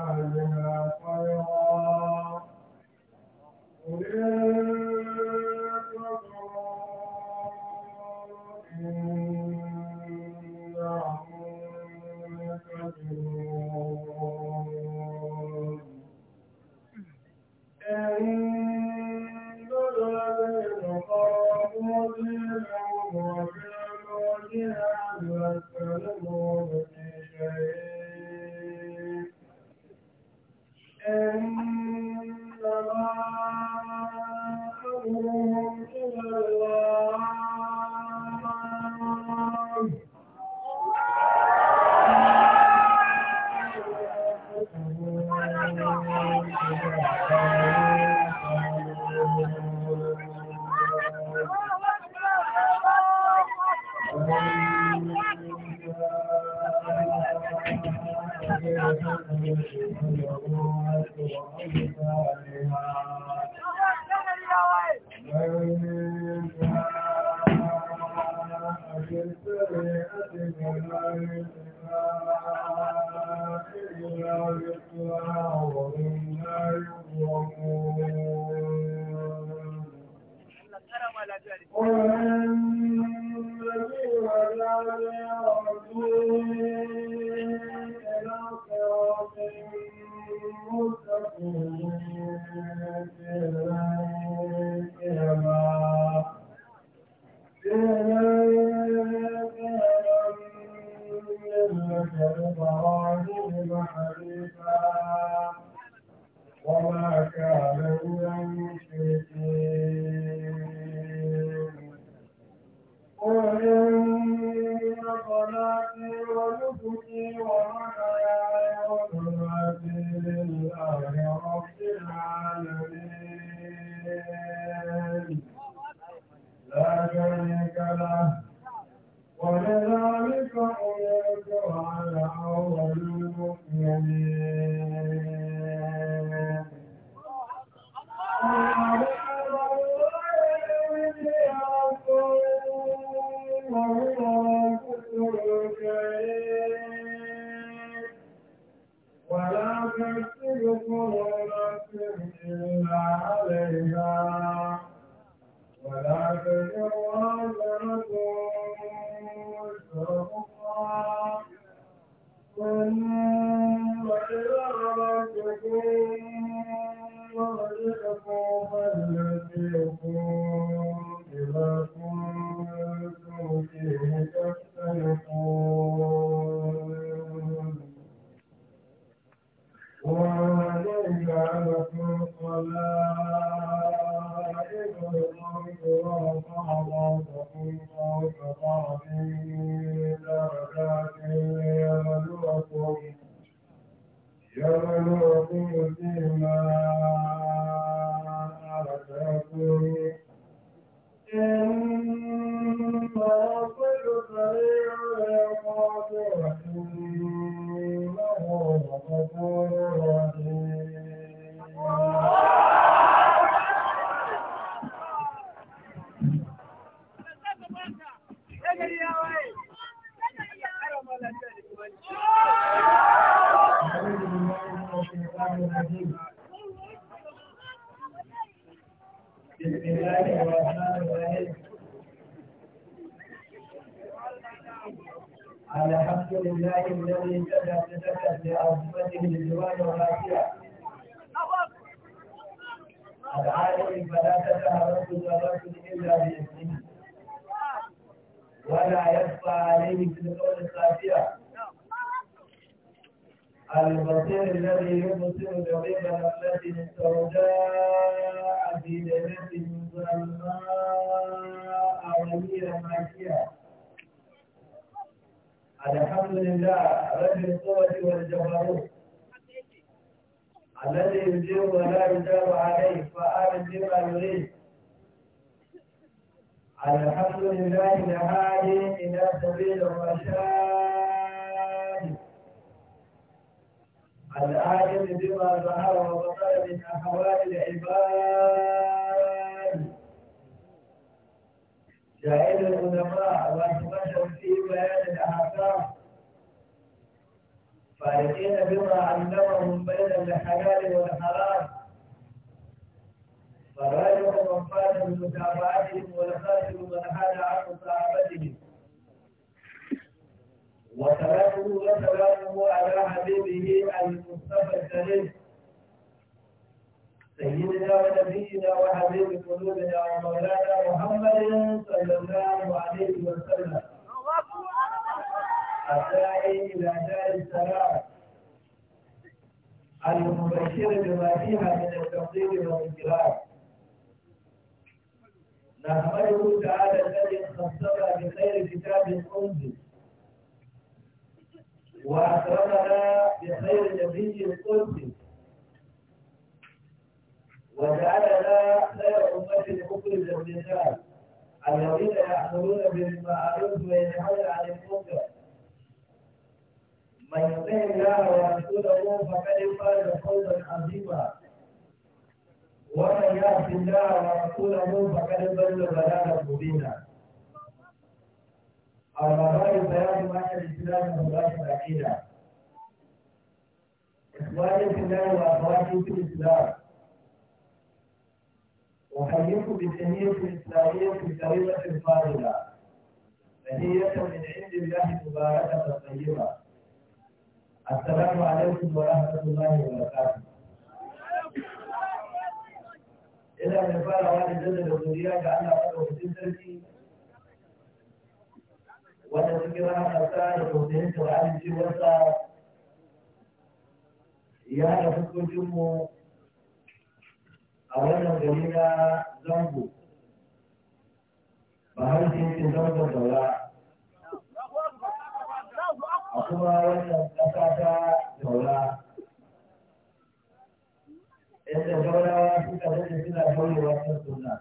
يا خير ماكية الحمد لله رب القوة والجبروت الذي يجيب ولا يجاب عليه فآمن بما يريد الحمد لله الهادي إلى سبيل الرشاد العالم بما ظهر وبطل من أحوال العباد جاء العلماء وأثبتوا في بيان الأحكام فارقين بما علمهم بين الحلال والحرام فالراجح من فات بمتابعتهم والخاسر من حاد عن مصاحبتهم وسلامه وسلامه على حبيبه المصطفى الكريم سيدنا ونبينا وحبيب قلوبنا ومولانا محمد صلى الله عليه وسلم الداعي الى دار السلام المبشر بما فيها من التفضيل والانقلاب نحمده تعالى الذي خصنا بخير كتاب انزل واكرمنا بخير نبي قدس وجعلنا خير أمة مخرجا للناس الذين يأمرون بالمعروف وينهون عن المنكر من يطع الله ورسوله فقد فاز فوزا عظيما ومن يعص الله ورسوله فقد ضل ضلالا مبينا أما بعد فيعلم أن الإسلام هو العقيدة إخواني في الله وأخواتي في الإسلام أحييكم بالتهية الإسلامية الكريمة الفاضلة بنية من عند الله مباركة طيبة السلام عليكم ورحمة الله وبركاته إلى أن يقال واحد جزء الدنيا جعلنا قدر في سلسلتي وأنا ذكرها أساء لتوضيحك وعلى وسط يا أنا الجمهور جمه a wannan gari na zango ba har sai ce zango daura a kuma wannan ƙasa ta daura yadda daurawa suka rage suna kaurewa kan suna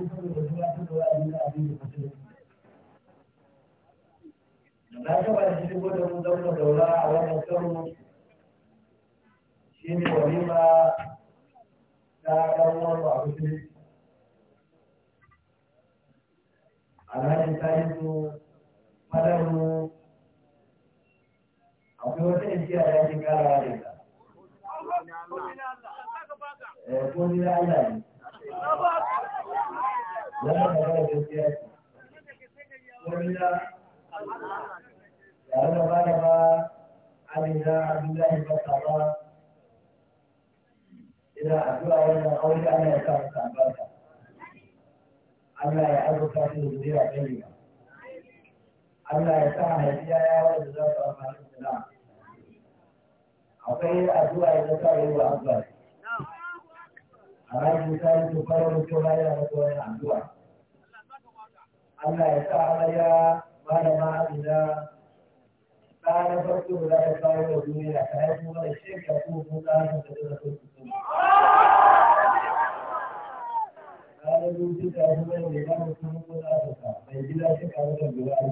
Thank you. na taba da shigo da mu zauna daura a wannan karo shi ne walima ta ɗan wani a musulunci alhaji ta yi su fadarmu akwai wata ikiya da ake karawa da ita eh, ko ni da Allah ne wannan magana gaskiya ce ko ni da لأن غلب علينا عبد الله بن سعد إذا أدعى ولا قول أن يكون سعبانا ألا يحب فاتن الدنيا طيبة ألا يسعى هدية يا ولد ذات أربعة السلام أقيل أدعى إذا سعي وأكبر أنا مثال تقرر كبيرة وتوين عبدوها ألا يسعى عليا ما لما عبدا kayan farko da za ta kawo da duniya kayan kuma da shirka ko ko kayan da da farko kayan rubutu da kuma da ya kama kuma ko da ka bai gida shi ka wata gaba a ta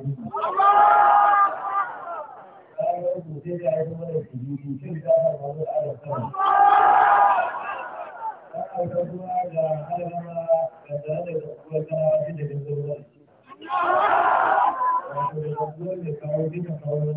kayan rubutu da ya kuma da shirki shirka ka ba da ala ta kayan da alama da da kuma kana shi da dindin wani Thank you. 我们这个我也搞这个搞那个。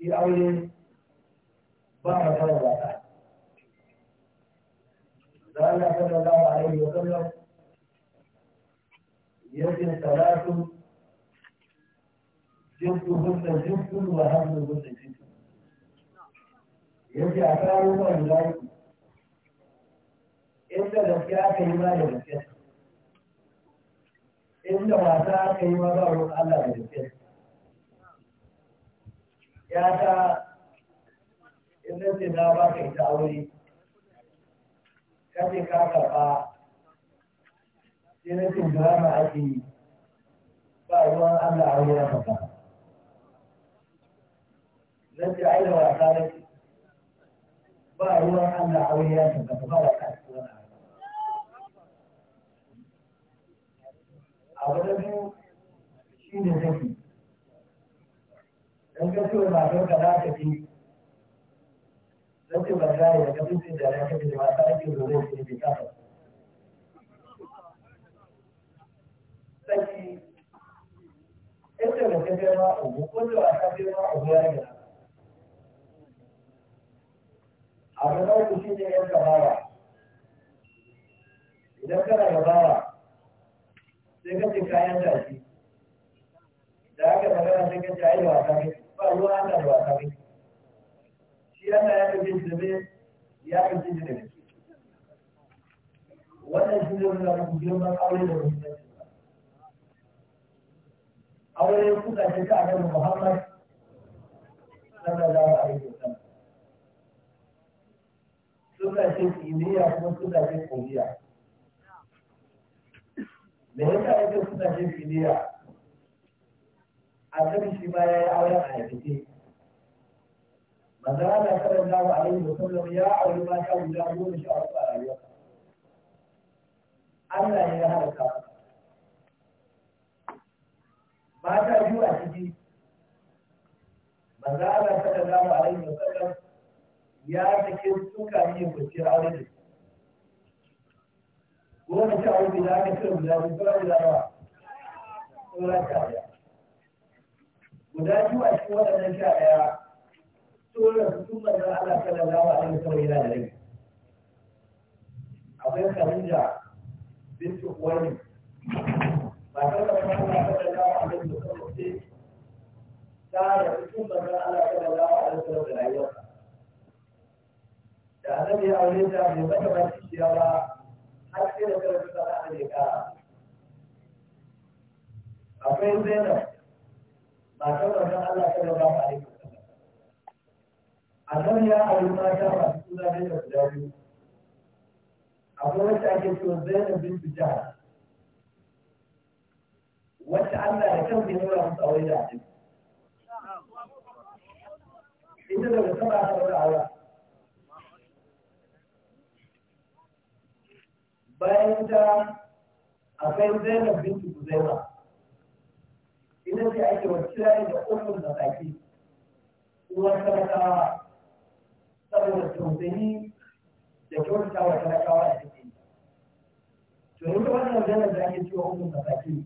shi aure ba a fara wata da Allah sallallahu alaihi wa sallam yakin salatu jinsu hunna jinsu wa hannu hunna jinsu yake a kawo wani lafi inda gaskiya aka yi ma da gaskiya inda wasa aka yi ma ba Allah da gaskiya ya ta in ce na ba ka ita aure kace ka karba sai na ce drama ake yi ba ruwan Allah aure na karba na ce ai da wasa na ce ba ruwan Allah aure na karba ba da kai abu na biyu shi ne zaki in ka ciwo matar ka za ka fi lokacin ba gane da kafin cin da ya kafe da mata ake zo zai ce bai kafa saki inda da ka girma ugu ko da wasa girma ugu ya gina abu na uku shi ne yan gabawa idan kana gabawa sai ka ce kayan tashi da aka magana sai ka ce ai wasa kake ruwa ana da wasa shi yana ya kaje shi da me ya kaje wannan shi ne wanda ku girman aure da musulunci aure kuka shi ta annabi Muhammad sallallahu alaihi wasallam suka ce kimiyya kuma suka ce koriya me yasa yake suka ce kimiyya Akan shi ma ya yi auren a yafice manzo Allah sallallahu alaihi wa sallam ya auri ta guda goma sha uku a rayuwa Allah ya halaka mata biyu a ciki manzo Allah sallallahu alaihi wa sallam ya cike suka ne kwanciyar aure da goma sha uku da aka cire guda biyu guda nawa sauran sha biyar guda biyu a cikin waɗannan sha ɗaya sura su tun manzan Allah sallallahu alaihi wasallam yana da rai akwai Khadija bint Khuwaylid ba ta da Allah sallallahu alaihi wasallam ce ta da tun manzan Allah sallallahu alaihi wasallam da rayuwarsa da annabi ya aure ta bai mata ba cikiya ba har sai da karfi sana'a ne ka akwai Zainab matar wajen Allah ta raba a yi a zan ya auri mata masu suna ne da guda biyu akwai wacce ake so zainab bin bijah wacce Allah ya kansa ya nuna musu aure da abin ita da ba taba ta wani aure bayan ta akwai zainab bin bijah idan sai ake wacce ne da ƙofar da baki uwar talakawa saboda tausayi da kyautata wa talakawa a cikin to in ka wannan maganar da ake cewa ƙofar da baki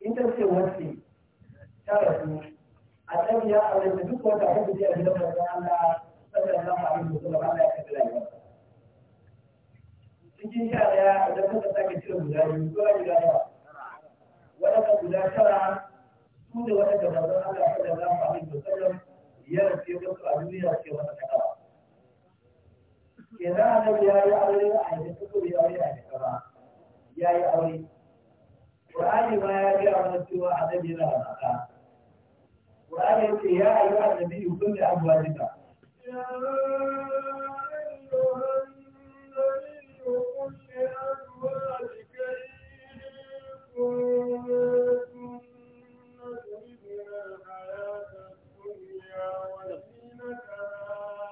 in ta ce wacce ta rasu a can ya aure duk wata hukunci a gidan manzon Allah sallallahu alaihi wasallam Allah ya kaddara ya cikin sha daya idan kuka sake cire guda biyu ko guda nawa waɗanda guda tara su ne waɗanda manzon Allah sallallahu alaihi sallam, ya rafe wasu a duniya ce wata kasa kenan annabi ya yi aure a yanzu ko ya aure a yanzu ba ya yi aure Qur'ani ma ya ga wani cewa annabi yana da mata Qur'ani ya ce ya ayyuhan nabiyyu kullu duka.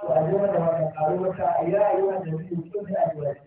وأجملها وقالوا لك يا أيها النبي كن أزواجك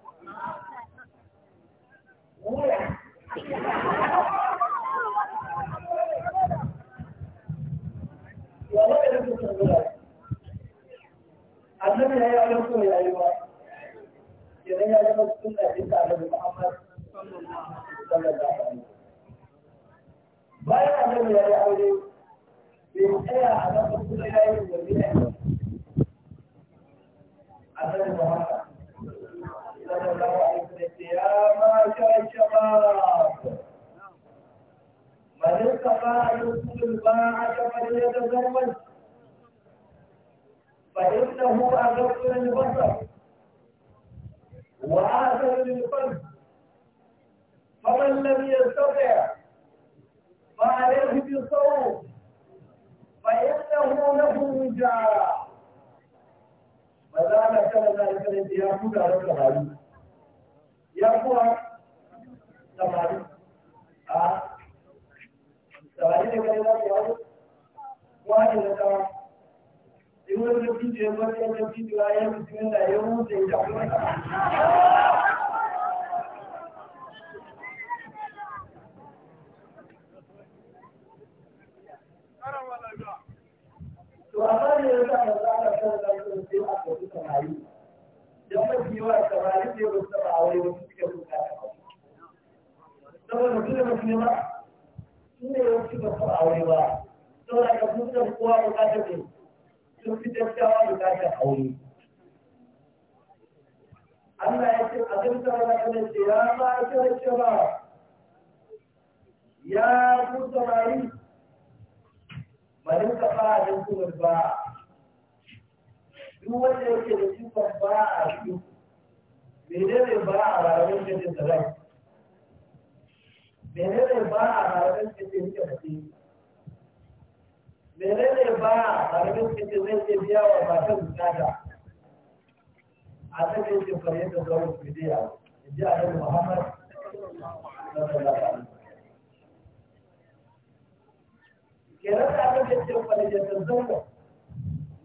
annabi ya yi abin so ya yi da ya aure a nan يا معشر الشباب من استطاع يدخل الباعة فليتزوج فإنه أغض للبصر وآثر للقلب فمن لم يستطع فعليه بالصوم فإنه له وجاء فذلك لذلك الانتهاك على الحديث yan kuwa samari a samari ne kai za ku hau wani na kama in wani da fiji ya bari yan da fiji wa yan mutum yana yan wuce ya kuma to a ne ya sa da za ka kare da su sai a kasu samari don mafi yawa samari ne ba su taɓa aure wani su suka buka da saboda mutum da mafi yawa su ne ba su taɓa aure ba saboda ka sun taɓa kowa bukatar ne sun fi daskawa bukatar aure Allah ya ce a kan sama da kan ce ya ma ake da shaba ya ku samari malin kafa da kuma ba duk wanda yake da sifar ba a shi ne ba a rarraben da ke sarai ne ba a rarraben da ke rike da shi ne ba a rarraben da ke zai ke biya wa matan bukata a cikin sifar yadda zaune su biya in ji a nan muhammad kenan da aka ce ce kwalitattar zaune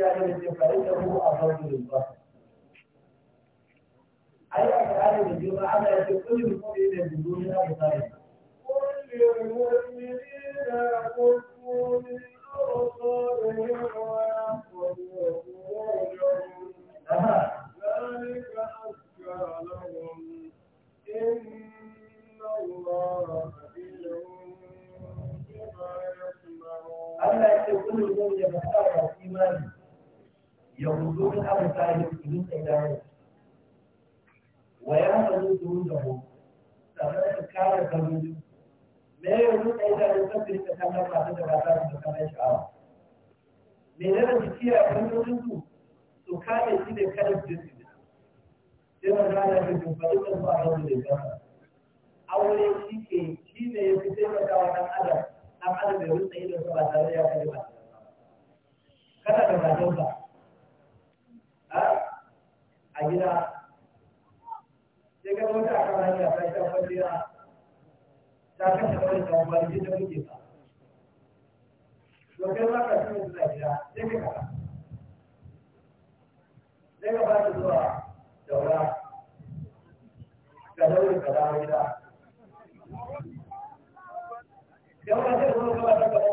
الثالث فإنه الرجل أي أفعال الجمعة على كل مؤمن بدون أي قل للمؤمنين يكفوا من أبصارهم ذلك أزكى لهم إن الله خبير بما يصنعون ألا يكون المؤمن مختار إيمانه يغضون أنفسهم من إدارهم ويأخذوا جنودهم فمن كان كبير ما يكون إذا يكبر تكلم عن دراسات مكان شعار من هذا الشيء أقول تكاد يصير كلب جسد كما قال في جمهور الله لله أولي شيء شيء يكتب كوانا أدب أم أدب يرد إلى سبعة آلاف كلمة كذا كما تقول gida sai ga wata a kan hanya ta shafar gida ta kashe wani tawon gida muke ba ka shi suna gida sai ka kasa sai ka ba su zuwa daura ka daure ka dawo gida yawan zai zo gaba ta gaba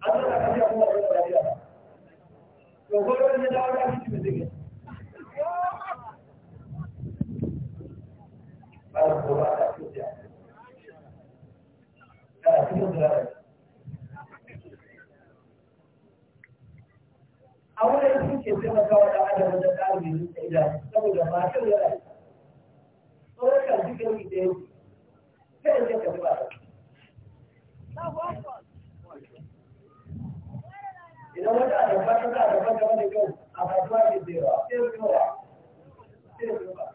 an zara ka biya kuma wani ba dawo ranar gobe da a wurin sun ke da adam wajen ƙarin da ila saboda matar yana tsoron kan jikin ita yake kada ya tafi ba idan wata a tabbata za a tabbata wani kyau a fatuwa ke tsayawa sai ruwa sai ruwa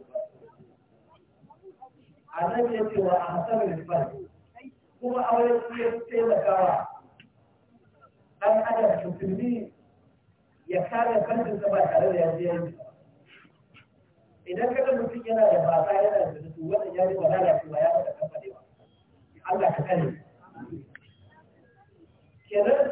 a nan ya ce wa a hasarar ribar kuma auren su ya taimakawa an adam musulmi ya kare kansa ba tare da yanzu, idan ka ga mutum yana da baba yana da zutu wannan ya riba lalacewa ya fada kamfanewa Allah ka kare kenan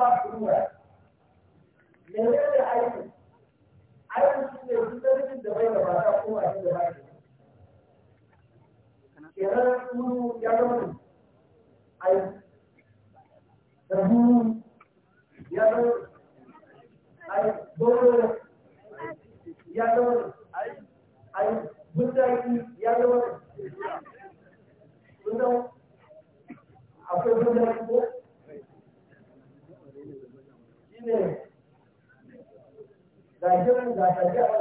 ba su ruwa ne ne aiki aiki ne da bai da mata da bai kenan su ya zama aiki da buru ya zama aiki ya zama aiki ya zama sun zama akwai ko shi ne ga jiran ga tafiya a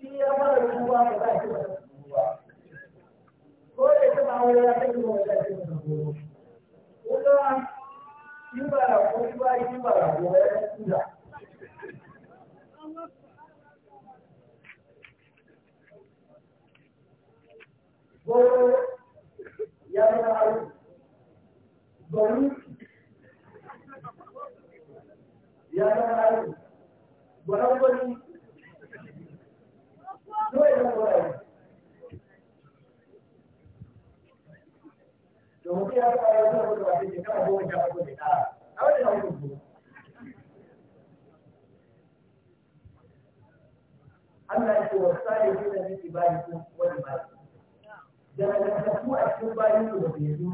shi ya fara ruwa ba shi ko da ya taɓa wani ya kai ruwa ba shi ba kuma shi ba ko shi ba shi ba ko ya tura Thank you. ya zama aiki domin a Allah ya ce wasu sa'ayi ne da nake bayi ko wani bayi da nagartattu a cikin bayan su da bezu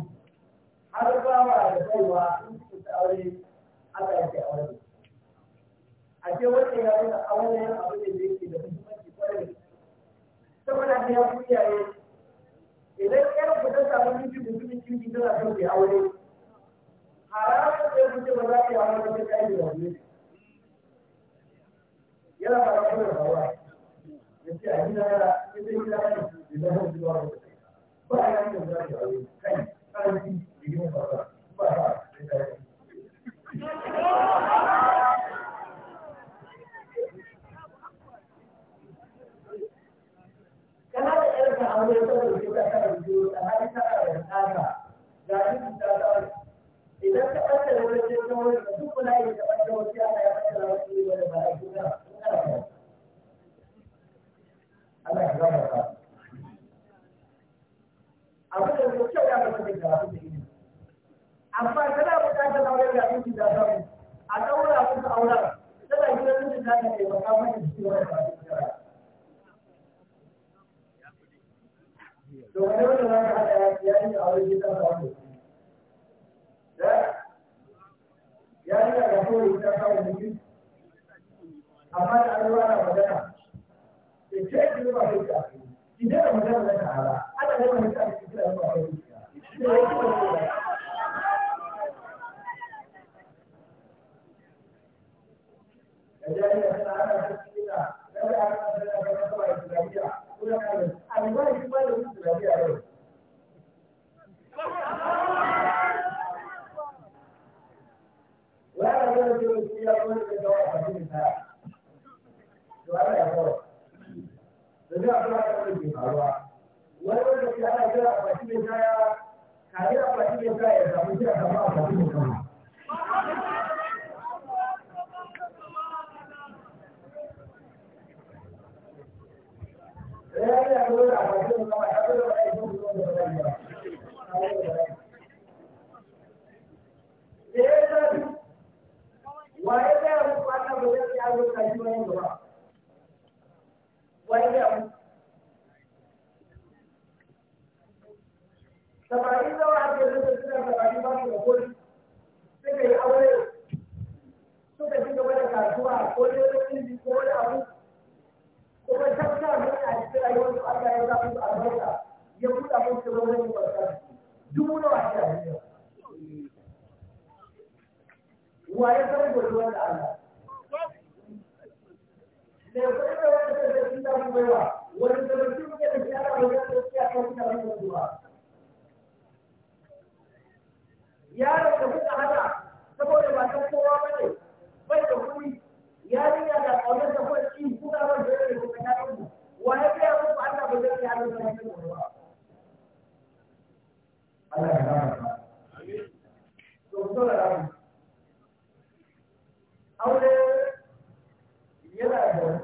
har bawa da baiwa in su ta aure aka yake aure a ce wanda ya nuna aure yan abu ne da yake da muhimmanci kwarai saboda ka ya fi iyaye idan yar ku ta samu miji mutumin kirki tana son ke aure haramun sai ku ce ba za ka yi aure ba ta yi da wani yana ba da kuma da bawa ya ce a gida ya ce gida ne da zama zuwa wata ba a yanka za ka aure kai da yi masa ba a kana da irin ka ta ta da ta idan da wani ta ya da ba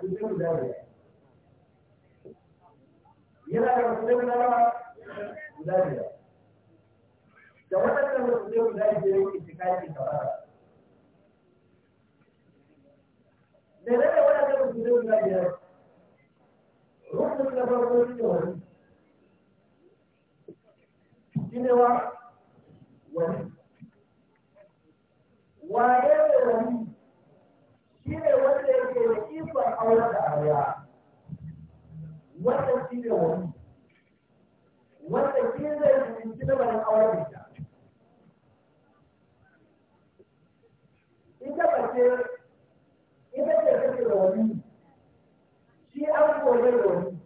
cikin da yana da guda biyar da waɗannan guda biyar yake kamar da waɗannan guda biyar rukun na farko shi ne wani shi ne wa wani waye ne wani shi ne wanda yake da ikon aure da shi ne wani wanda shi zai fahimci na aure ita ita ce, ita ce da wani shi an da wani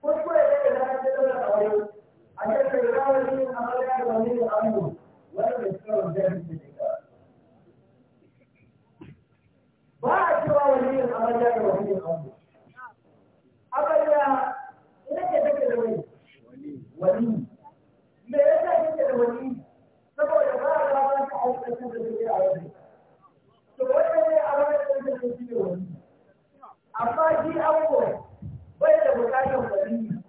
kuskure ne da aure a ce a da wani da wani wanda ba a cewa waliyin amarya da waliyin aure amarya ina ce take da wani wani. me yasa take da wani saboda ba a ba ta aikata da take a wani to wannan ne amarya da take shi da wali amma shi ango bai da bukatar wani.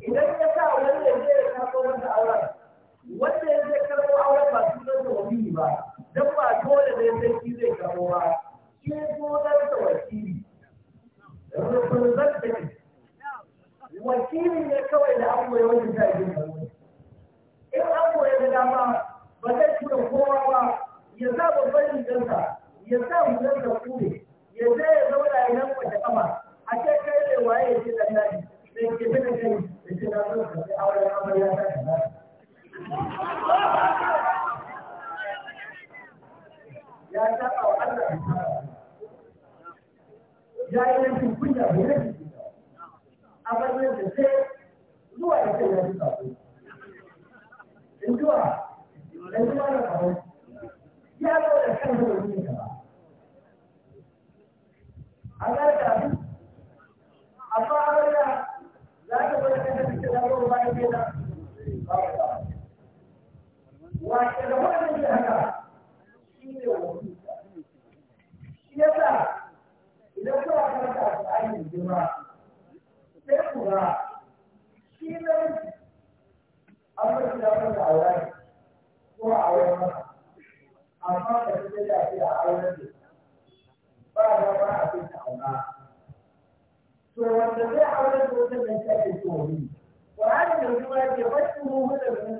idan ya sa wani ya je ya kafa wanda auren wanda ya je karɓo auren ba su da wali ba don ba dole ne sai shi zai karɓo ba ke gonar da wakili rukunzar da ne wakili ne kawai da an goyi wani jirgin da in an ya da dama ba zai tura kowa ba ya sa babban rigarsa ya sa hular da kure ya je ya zauna ya nan kwace kama a ce kai ne waye ya ce dan daji sai ke bi da kai da ce na zo ka sai auren amarya ta kaza ya saba wa Allah jayilancin kunya bai na jiki a ɓarnar da sai zuwa ya ce ya sabo in zuwa in zuwa na ya zo da kan zuwa ne ba a ga da abin amma amarya za ta bar kan da take da ruwa bayan gida ba ba wa ke da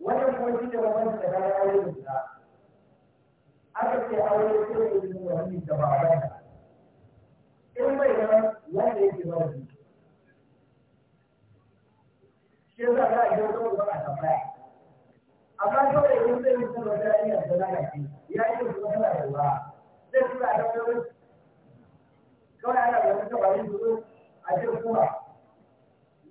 wannan kuma shi ne wannan da kayan aure guda aka ce aure ko yin wani da ba ba in bai ga wanda yake ba wani shi za a yi wani ba a tambaya amma kawai in zai yi kuma da ya yi da lalaci ya yi kuma da rayuwa zai tura da wani kawai ana da wani tabarin a cikin kuma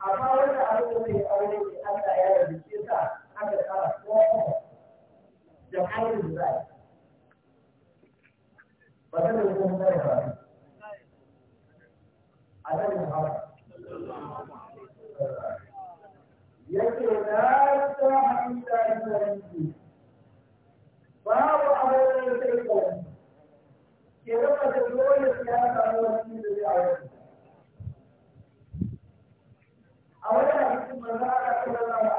amma wanda a rika mai aure ne Allah ya rabu shi yasa aka kara kowa da aure da zai ba ta da kuma kare ba a nan Muhammad yake na ta hamda ilanki babu aure da sai kawai ke rika da dole ya samu wani da zai aure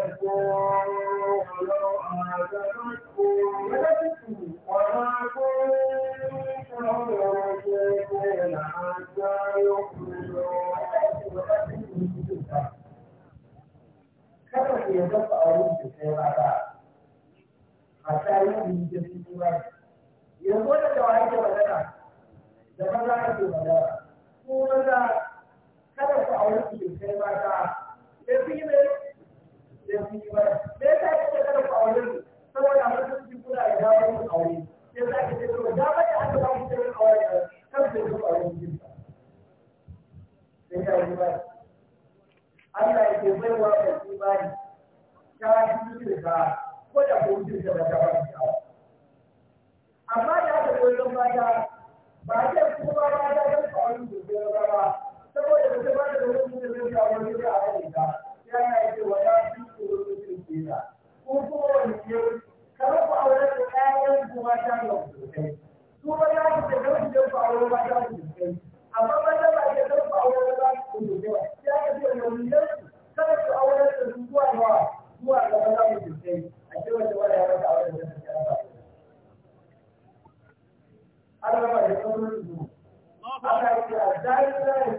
kada ku aure su kai mata. Yanzu yi mai sai sun kada ku aure saboda da damar aure za ta aure kan yi ya ke bai wa ka ta cikin da ko da ko mutum da ba ta ba ta amma da aka ba a kuma ba ta ba ta yana dina ko kowane ke ka rufe aure da ƴaƴan ku mata da sosai su ba za ku ku aure amma ba ba ku aure ya ka ce aure da su zuwa zuwa ga a ce wanda wani ya rasa aure da ba Allah ba Allah ya a zai zai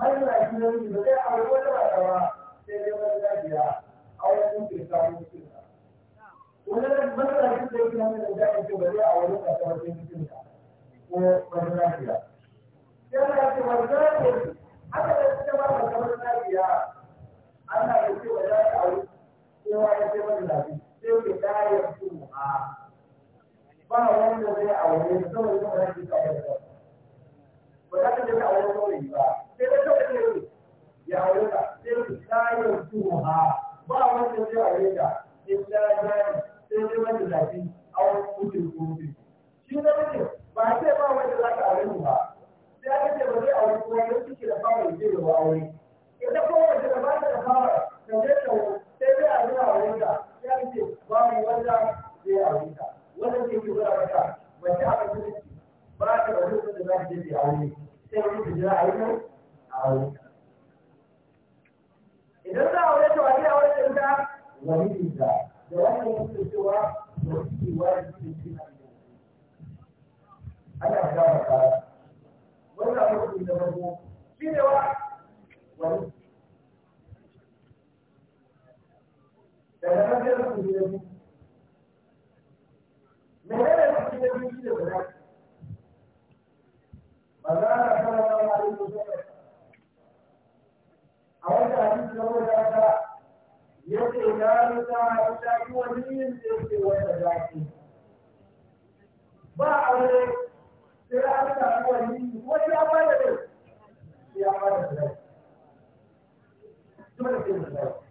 mallaki na miji ba zai aure wata ba ba sai dai wata gajiya auren sun ke samu mutum ka wani mallaki da yake nan da zai ce ba zai aure ka ta wata mutum ka ko wata gajiya yana ce ba za ka yi haka da suka ba ka kamar gajiya ana da ce ba za ka aure kowa ya ce mata lafi sai ke dayar su a ba wanda zai aure saboda kuma ya ce ka aure ba za ka je ka aure saurayi ba ya wuka sai tsarin tuha ba wanda zai ta zafi a ko shi na mutum ba sai ba wanda za ba sai aka ce ba zai aure ko wani ciki da fara yake da ba aure ita ko wanda da ba da fara da zai ta sai ta ya ce wanda wanda ba ta ta aure sai ta jira aure idan za a wajen tawaye a wajen da wani da da wannan yake cewa da shi wajibi ne ana fara fara wannan mutum da babu shi ne wa wani daga nan sai mutum da biyu menene mutum da biyu ba za a fara shi saboda haka ya ce ya ta ya yi wani yin da yake wata zaki ba a wani sai yi samu wani wani ya fara da ya ba da zaki ya sai da zaki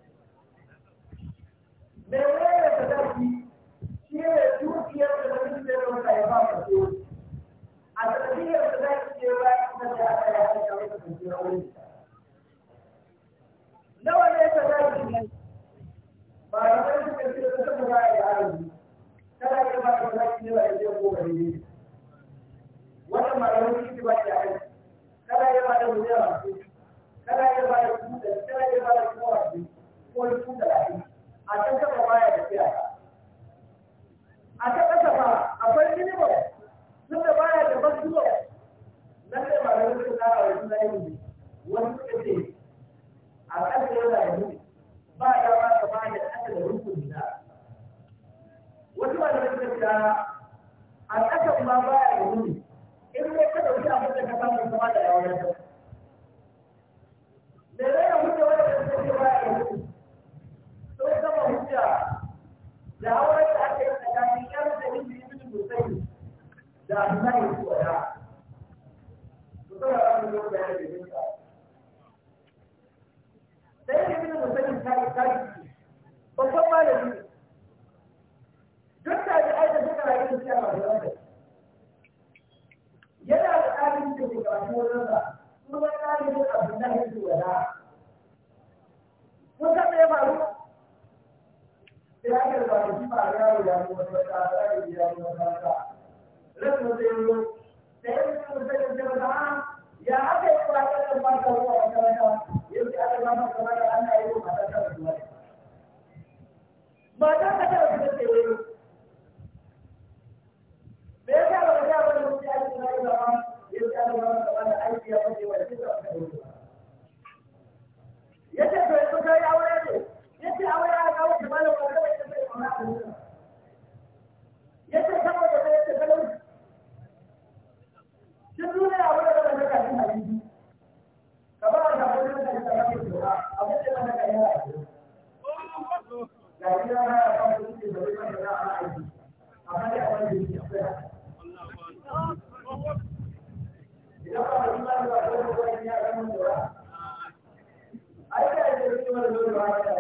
hikimar ba ta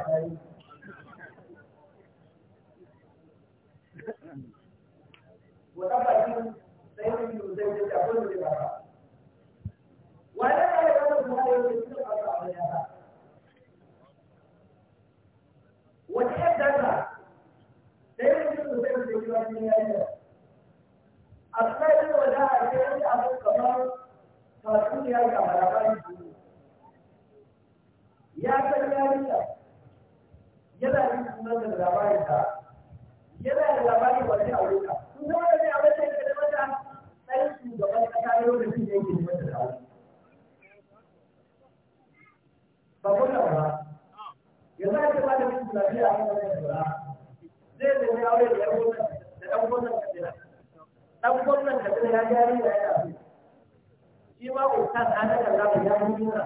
ya gyara da ya fi shi ma ustaz an da za ka ya yi nuna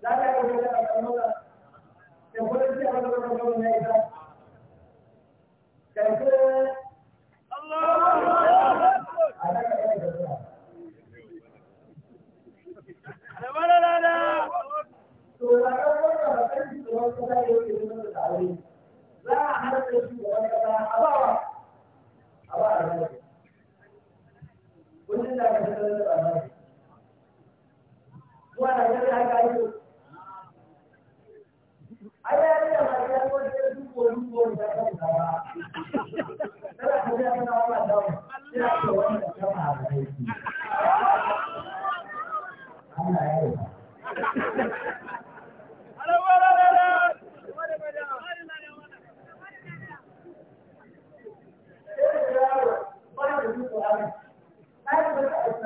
za ka yi da al'amura da kuma ce a wani wani na isa da ke Allah a daga yana da zuwa da malala to da ƙarfin da ba kan shi da wasu da yau ke nuna da aure za a haɗa da shi da wani ƙasa a Kullum da ka sanar da labari. yi. ya yi da masu yanko da ya dubo da ta ba. Tana ta zai ana wala dawo. Ina ta ma a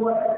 over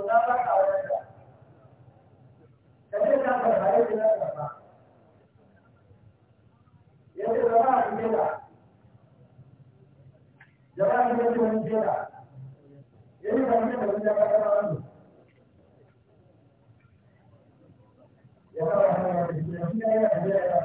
yabandibaliwanjera eri bamebalijakatabantu yakabaaaa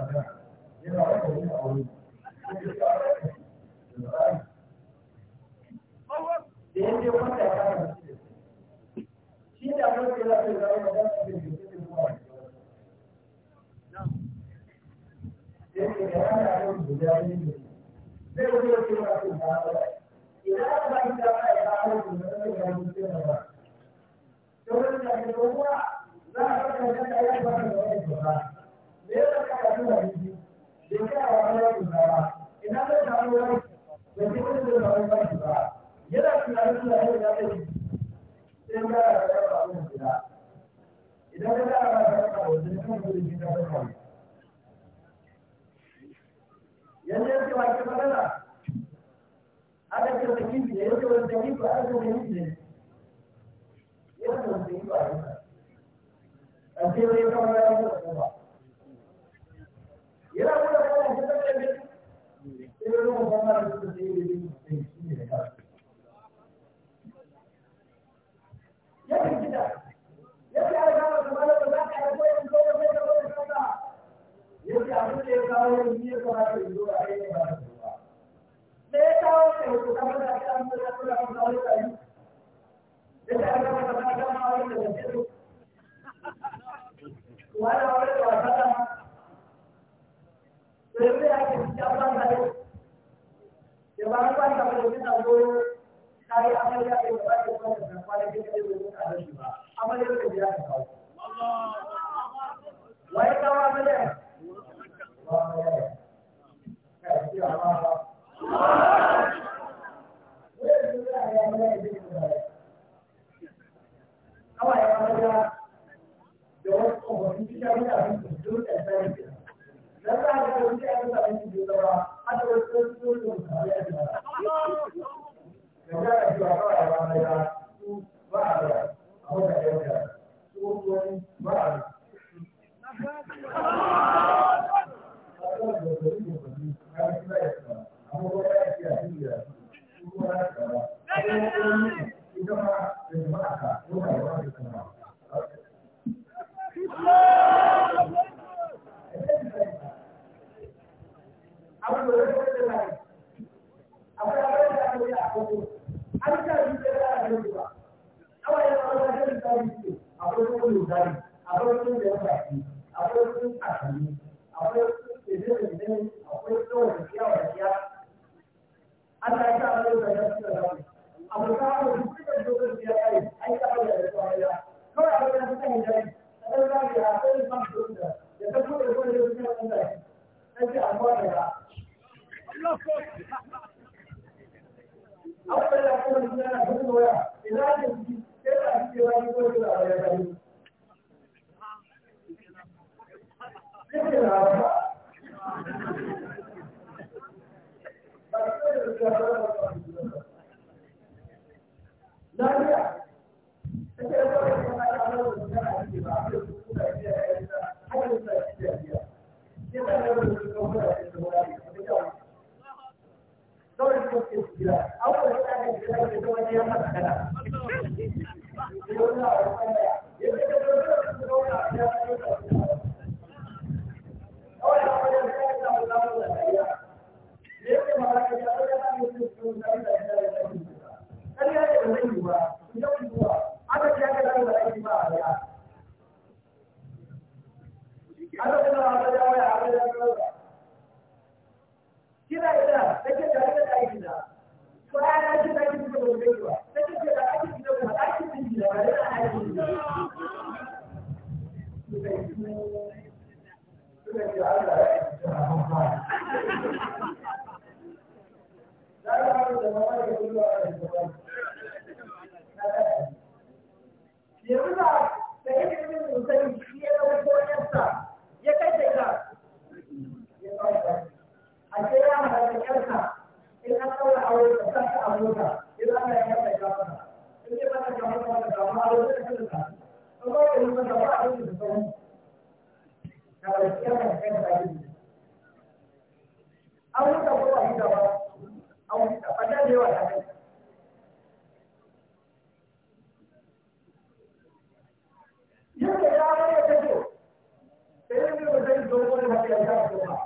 gracias,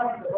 Gracias.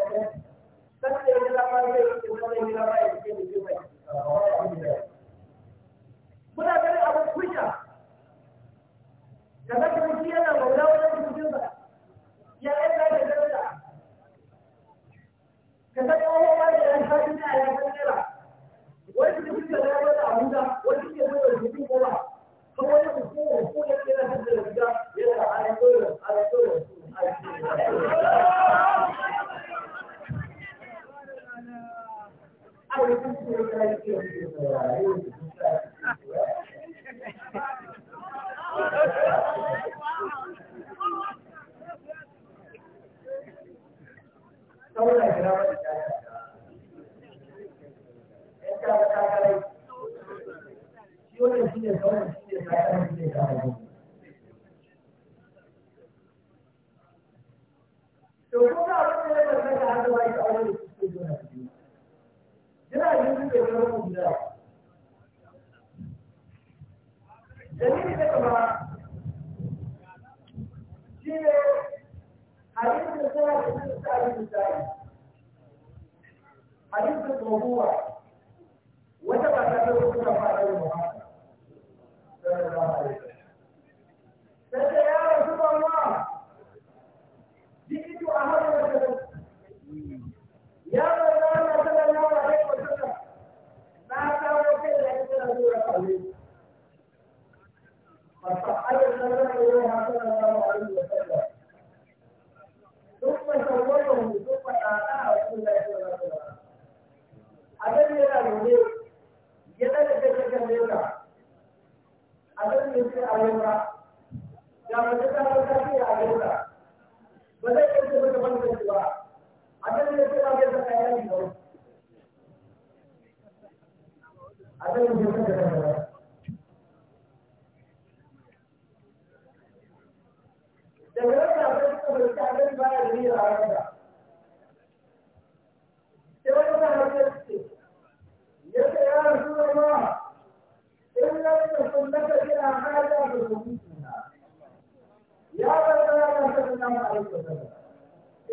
sallallahu alaihi wasallam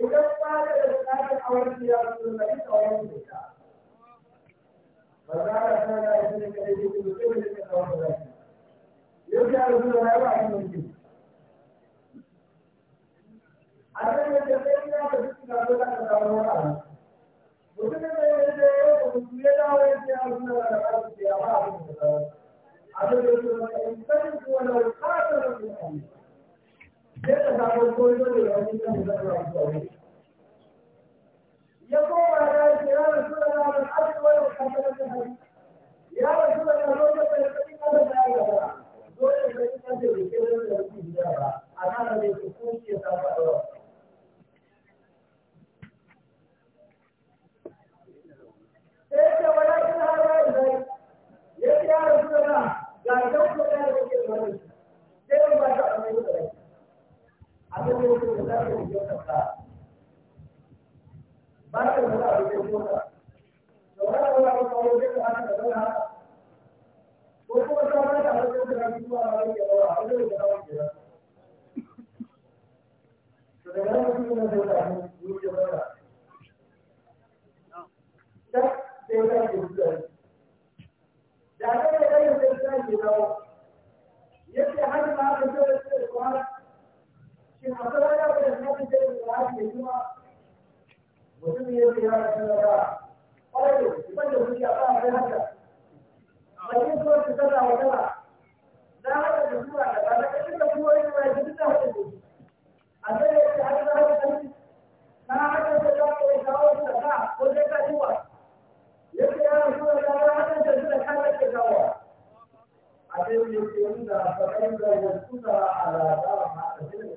idan ba da tsarin auren ya ita da ta ba za ka san da ne kai duk da ka da ya ya ba mun a da duk da ka mutum da ya ya dawo ya ce ya da ya ba mun a da ka sai ka samu koyo da wani kan da ya koma ce ya rasu da ya rasu da da gaba dole ke da ya ya da ko ya ba ta abin da yake da zai yi kyautata ba ka da za a yi kyautata da wani abu da kawo zai da haka da zai haka ko kuma ta ba ta hanyar da rafi zuwa a wani yawa a wani da kawo ke daga nan mutum yana zai da hannun yi ke bara da ke zuwa da aka da zai zai zai zai dawo yake hannun ma aka zai zai zai shin akwai wani abu da na fice da za a ke kuma mutum ya ce ya rasu da ba ƙwararru ban da zuciya ba a haka bakin so su tana wa na haka da zuwa da ba na kashin da kuma wani ba ya fi duka haka da a zai ya ce haka da haka da na haka da za ka yi kawo su da ko zai ka ciwa ya ce ya rasu da ta na haka da su da ka da ke kawo a zai ya ce ba ka yi da a ba ma a da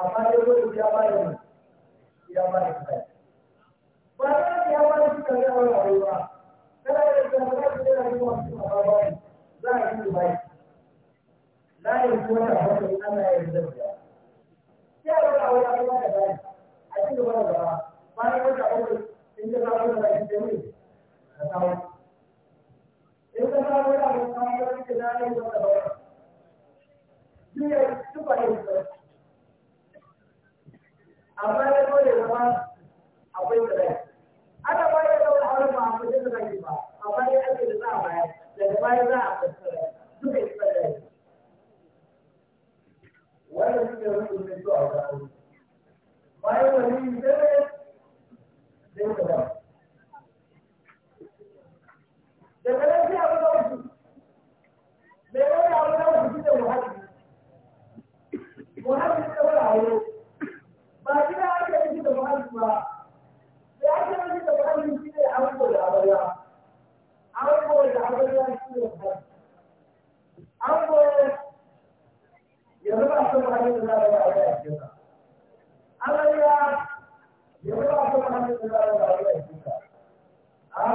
amma ya ya ba ne ya ba da ba da ya ba da shi kan yawan ba kada ya san ba da yana yi wa ba ba za a yi ba Na ya kuma ta ba da ana yi da ya ya ba wa ya ba da bai a cikin ba da ba ba ne ko ba in da ba da bai da mu ka ta in ka ta ba da ba ka ta da ne duk ya tuba amma ya zo zama akwai sadaki ana ba da kawai auren ba a kudin sadaki ba amma ya ake da za a baya daga baya za a kudin sadaki duka yi bayan wani yi zai zai daga nan sai abu mai wani abu muhalli muhalli ba gida aka yi da muhalli ba sai aka yi da muhalli shi ne a da amarya ango da amarya shi ne ango yanzu ba su muhalli da za a yi a kai a kira yanzu ba su muhalli da za a yi a kai a kira a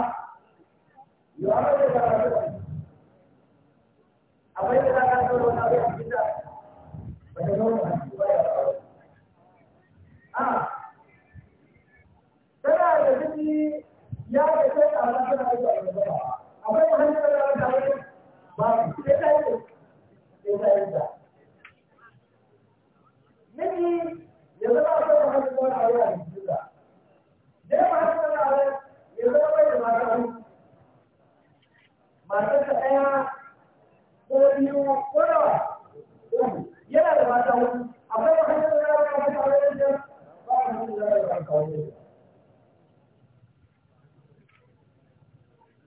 yi amarya da amarya amarya da za a yi a kai a kira a ta zo ba ya ga a ranar da ake albara akwai wani da da a ko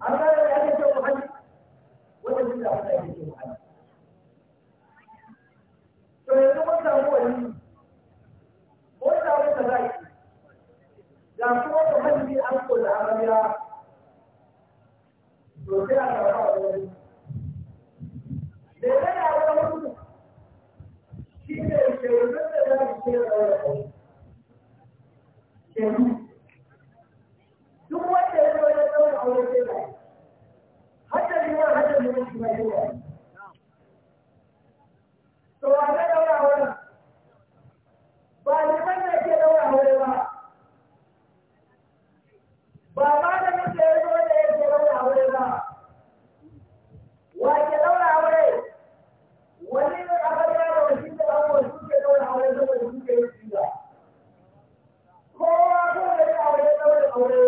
amma da ya ce muhalli wata jumla wata ya ce hali. to yanzu mun samu wani mun samu sadaki da kuma muhalli an ko da arabiya to sai a karɓa wani da ya a wani mutum shi ne shekarun da za mu ce da wani shekarun duk wanda ya zo ya zauna a wani sai To wa zai daura Ba aure ba. Ba ya aure ba. Wa daura aure? Wani ne a da daura aure yi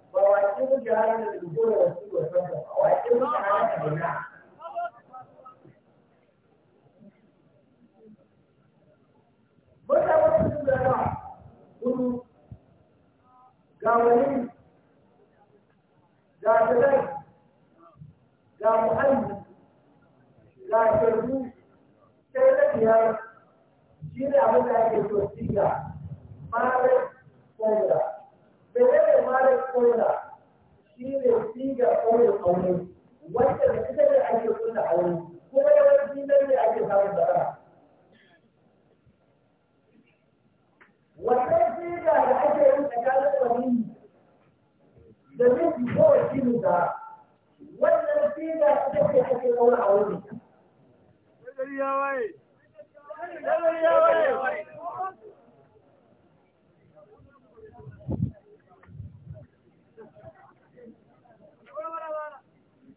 وواجب جهاز الوجود والسوء والصدق وواجب جهاز الجماعة Wata ga wani ga muhalli ga ake so ƙona shi ne siga ƙaunar aure wanda da ita ne ake ƙona kuma wani nan ne ake samun matsala wannan siga da ake yin tsakanin wani da miji ko wakili da wannan siga da ake aure ne. Nazari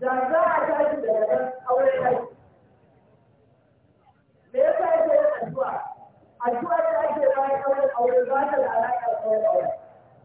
da za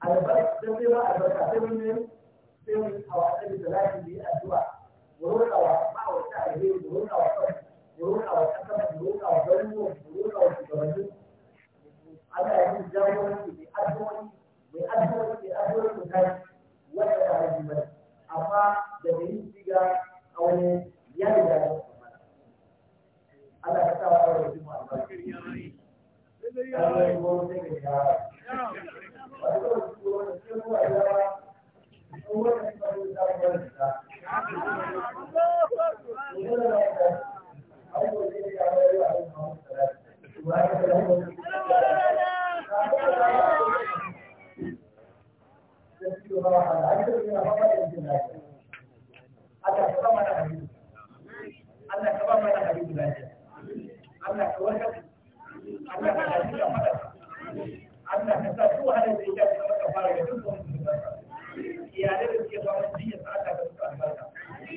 albarka ba albarka sai mun addu'a roƙa wa ma'aurata alheri roƙa wa kan roƙa mai mai mai kai wanda amma yin a wani ya da Allah ka da mana hadisi lafiya. Allah Allah ka sa su hada da ya ci maka fara da duk wani iyalai da suke zama jiya sa Allah ka su albarka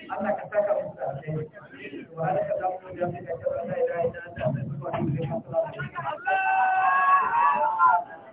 Allah ka saka musu da alheri wa halaka za mu ga da ka tabbata da ina da ta zuwa da Allah